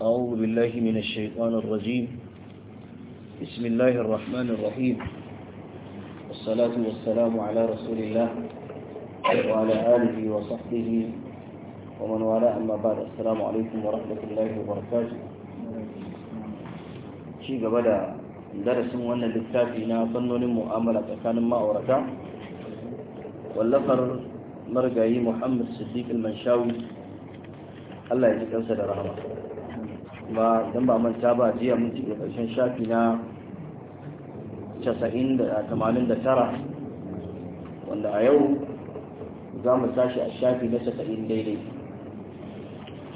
أعوذ بالله من الشيطان الرجيم بسم الله الرحمن الرحيم والصلاة والسلام على رسول الله وعلى آله وصحبه ومن والاه أما بعد السلام عليكم ورحمة الله وبركاته شيء قبل درس وأن للتافي نظن المؤاملة كان ما أورده wallafar margayi محمد الصديق المنشاوي الله allah ya ji ba don ba manta ba jiya mun cike karshen shafi na 89 wanda a yau za mu tashi a shafi na 90 daidai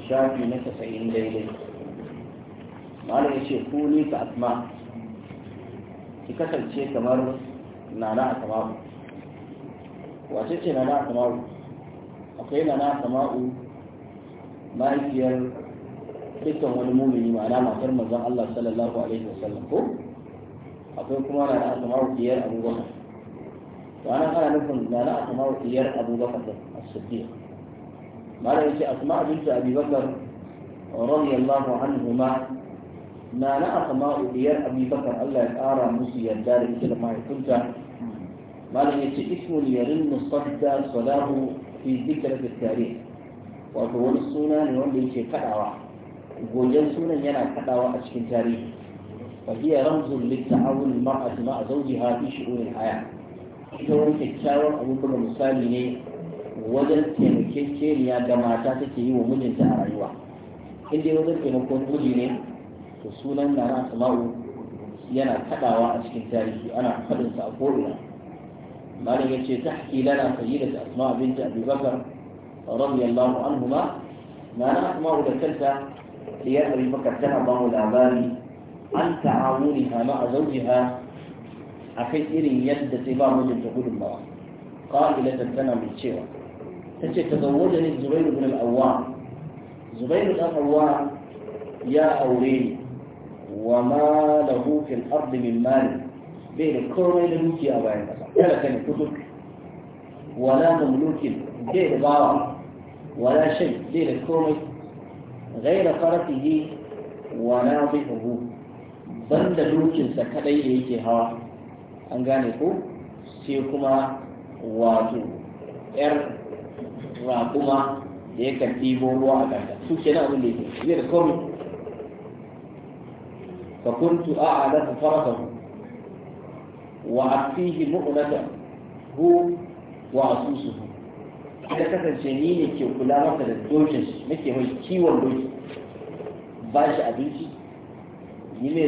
shafi na 90 daidai malam ya ce kuni ka asma ki kasance kamar nana a ku. wace ce nana a ku? akwai nana a samaru mahaifiyar dukkan wani mumini ma'ana matar manzon Allah sallallahu alaihi wasallam ko akwai kuma na da asma'u biyar Abu Bakar to ana ana nufin na da asma'u biyar Abu Bakar da As-Siddiq mala yace asma'u bint Abi Bakar radiyallahu anhuma na na asma'u biyar Abi Bakar Allah ya kara musu yarda da ita da mahaifinta malam yace ismul yarin musadda salahu fi dhikrat at-tarikh wato wani suna ne wanda yake kadawa gogen sunan yana kaɗawa a cikin tarihi fa hiya ramzun litta'awun mar'ati ma'a zawjiha fi shu'unil haya ita wani kyakkyawan abin buga misali ne wajen taimakekeniya da mata take yi wa mijinta a rayuwa in dai wajen taimakon miji ne to sunan na asma'u yana kaɗawa a cikin tarihi ana faɗinsa a ko'ina malam ya ce tahki lana sayyidat asma'a binta abubakar radiyallahu anhuma na na da kanta ya abi tana ba mu labari an ta'awuni ha ma a zaujiha a kai irin yadda sai ba mijinta ba. ƙa'ilatan tana mai cewa ta ce ta zawoje ne zubairu bin al'awwa zubairu ɗan al'awwa ya aure ni wa ma da fil ardi min mali bai da komai da dukiya bayan ƙasa kada ka ne kudu wala mamlukin bai da bawa wala shan bai da komai غير فرسه وناضحه banda dokinsa kadai da yake hawa an gane ko sai kuma wato yar raƙuma da ya kan ɗibo ruwa a ganta su ke abin da yake da hu wa ita kasance ni ne ke kula masa da dokin shi nake mai kiwon doki ba shi abinci yi ne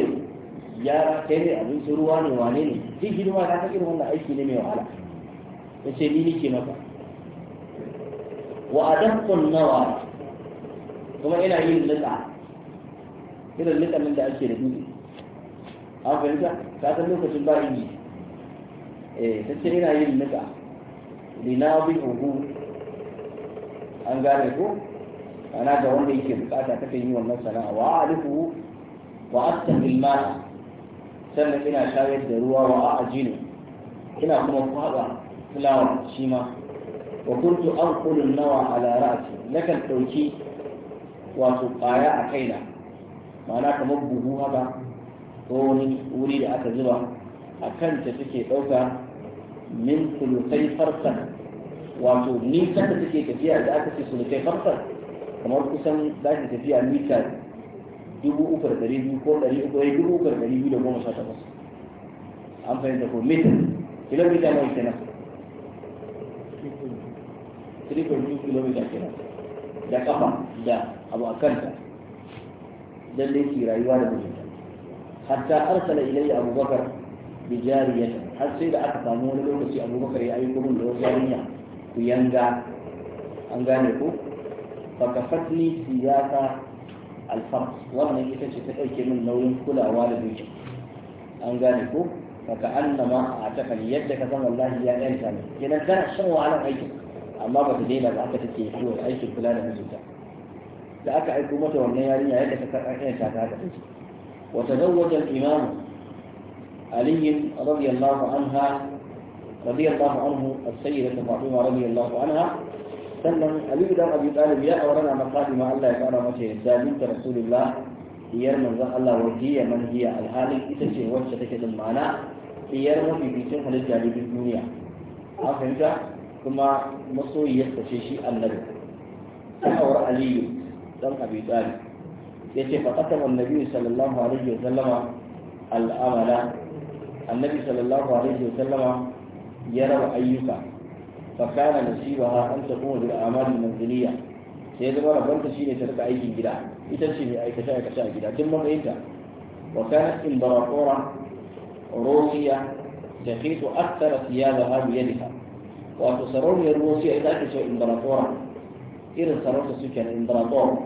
ya kai ne abinci ruwa ne wane ne duk hidima na ta irin wannan aiki ne mai wahala ya ce ni ke maka wa adakkun nawa kuma ina yin litsa irin litsa nan da ake da dutse an fahimta ka san lokacin ba inji eh ta ce ina yin litsa linabihu an gane ko ana ga wanda yake bukata ta kai yi wannan sana'a wa alifu wa astahil ma sannan ina shayar da ruwa wa ajinu ina kuma kwaba fulawa shi ma wa kuntu anqulu nawa ala ra'si lakal dauki wato kaya a kaina ma'ana kamar buhu haka ko wani wuri da aka zuba a kanta take ɗauka min kai farsan wato nisan da take tafiya da aka ce sulutai hamsin kamar kusan za ta tafiya mita dubu uku da ɗari biyu ko ɗari uku ɗari eh, dubu uku da ɗari biyu da goma sha takwas an fahimta ko mita kilomita nawa kenan 3.2 kilomita kenan da kafa da abu a kanta dan da yake rayuwa da mijinta hatta arsala ilayya abubakar bi jariyatan har sai da aka samu wani lokaci abubakar ya aiko min da wasu yarinya ku yanga an gane ku. Baka fakafatni siyasa alfar wannan ita ce ta ɗauke min nauyin kulawa da duki an gane ku. Baka annama a takani yadda ka san wallahi ya ɗanta ne kenan tana shan wahalar aikin amma ba ta daina ba aka take kawai aikin kula da mijinta da aka aiko mata wannan yarinya yadda ta karɓar ɗanta ta haka take wa tazawwaja al-imam Ali radiyallahu anha رضي الله عنه السيدة المعظمة رضي الله عنها سلم أبي دار أبي طالب يا أورنا مقادم ألا يكون وجه سالم رسول الله يرمز ذا الله وجهي من هي الهالك إذا شيء وجه تكد المعنى يرمز في بيتين هل الجالب الدنيا أفهمت ثم مصر يستشيشي النبي أور علي دار أبي طالب يتي فقتل النبي صلى الله عليه وسلم الأمل النبي صلى الله عليه وسلم ya raba ayyuka fakana nasibaha an takuma bil a'mal manziliya sai zama rabanta shine ta rika aikin gida ita ce mai aikace aikace a gida tun matsayinta wa kanat imbarakora rosiya taqitu akthara thiyabaha bi yadiha wato sarauniyar rosiya ita ake cewa imbarakora irin sarauta suke na imbarakora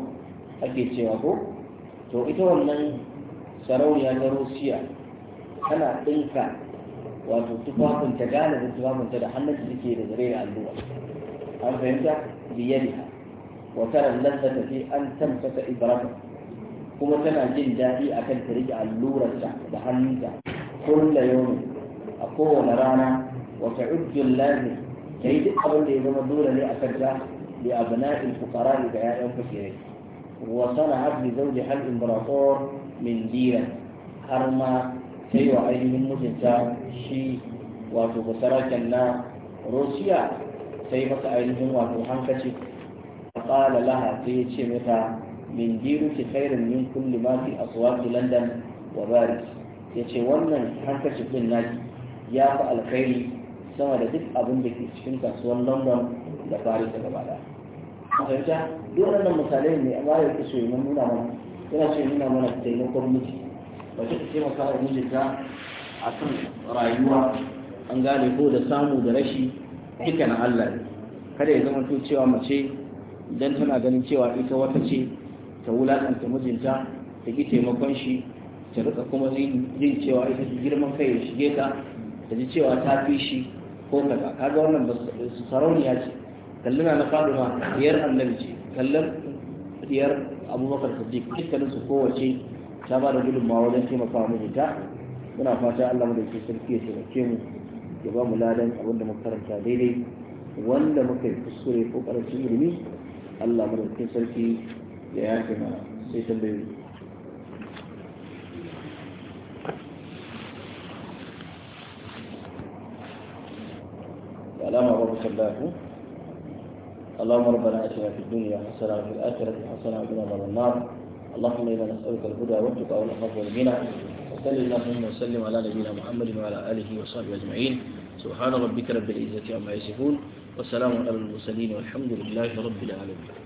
ake cewa ko to ita wannan sarauniya ta rosiya tana ɗinka wato tufafin ta gane da tufafin ta da hannun da suke da zare da allura an fahimta biyariha wa tara ta fi an tamsaka ibrata kuma tana jin daɗi akan ta rike allurarta da hannunta kulla yau a kowane rana wata ujjul lahi ta yi duk abin da ya zama dole ne a kanta da abna'il fuqara ga 'ya'yan fakirai wa sana'at li zawjiha al-imperator min har ma ta yi wa ainihin mijinta shi wato basaraken na rosiya ta yi masa ainihin wato hankaci a ƙala laha ta yi ce mata min diru ki khairin min kulli ma fi aswaqi london wa paris ya ce wannan hankacin din naki ya fi alkhairi sama da duk abin da ke cikin kasuwar london da paris da gaba da fahimta duk waɗannan misalai ne amma ya fi so yi nuna mana yana so yi nuna mana taimakon miji mace ta taimaka wa mijinta a kan rayuwa an gane ko da samu da rashi duka na Allah ne kada ya zama to cewa mace idan tana ganin cewa ita wata ce ta wulakanta mijinta ta ki taimakon shi ta rika kuma zin cewa ita ta girman kai ya shige ta ta ji cewa ta fi shi ko kaza kaga wannan sarauniya ce kalluna na faduma diyar annabi ce kallon diyar abubakar siddiq dukkanin su kowace ta ba da gudunmawa wajen taimaka mu ta muna fata Allah mu da ke sarki ya taimake mu ya ba mu ladan abin da muka karanta daidai wanda muka yi kuskure ko karancin ilimi Allah mu da ke sarki ya yafe mana sai tambayoyi alama ba musallahu اللهم ربنا اتنا في الدنيا حسنه وفي الاخره حسنه وقنا عذاب النار اللهم إنا نسألك الهدى والتقى والعفو والغنى وصل اللهم وسلم على نبينا محمد وعلى آله وصحبه أجمعين سبحان ربك رب العزة عما يصفون وسلام على المرسلين والحمد لله رب العالمين